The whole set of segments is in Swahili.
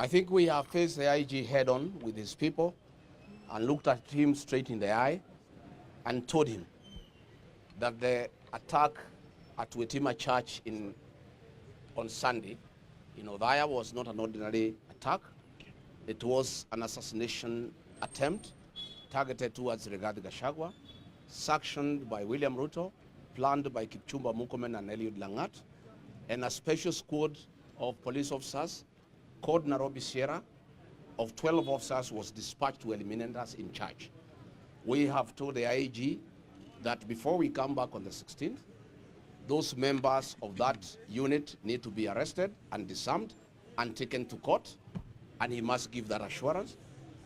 I think we have faced the IG head on with his people and looked at him straight in the eye and told him that the attack at Wetima Church in, on Sunday in Odhaya was not an ordinary attack. It was an assassination attempt targeted towards Rigathi Gachagua, sanctioned by William Ruto, planned by Kipchumba Mukomen and Eliud Langat, and a special squad of police officers called Nairobi Sierra of 12 officers was dispatched to eliminate us in charge. We have told the IG that before we come back on the 16th, those members of that unit need to be arrested and disarmed and taken to court, and he must give that assurance.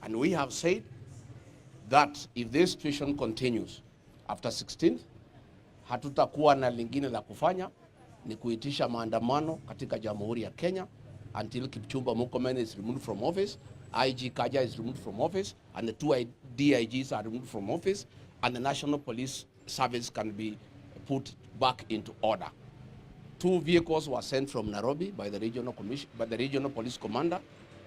And we have said that if this situation continues after 16th, hatutakuwa na lingine la kufanya ni kuitisha maandamano katika Jamhuri ya Kenya until Kipchumba Murkomen is removed from office, IG Kaja is removed from office, and the two DIGs are removed from office, and the National Police Service can be put back into order. Two vehicles were sent from Nairobi by the regional commission, by the regional police commander,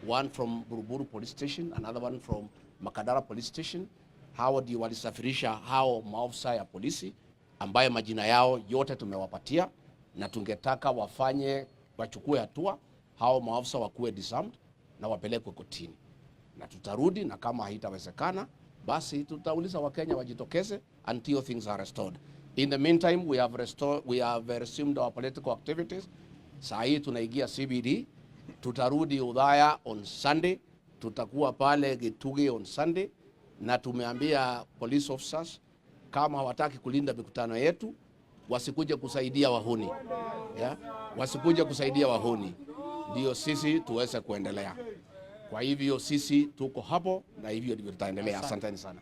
one from Buruburu police station, another one from Makadara police station. Hao ndio walisafirisha hao maofisa ya polisi ambayo majina yao yote tumewapatia na tungetaka wafanye wachukue hatua hao maafisa wakuwe disarmed na wapelekwe kotini, na tutarudi, na kama haitawezekana basi tutauliza Wakenya wajitokeze until things are restored. In the meantime we have restored, we have resumed our political activities. Saa hii tunaingia CBD, tutarudi Udhaya on Sunday, tutakuwa pale Gituge on Sunday, na tumeambia police officers kama hawataki kulinda mikutano yetu wasikuje kusaidia wahuni yeah? wasikuje kusaidia wahuni ndio sisi tuweze kuendelea. Kwa hivyo sisi tuko hapo na hivyo ndivyo tutaendelea. Asanteni sana.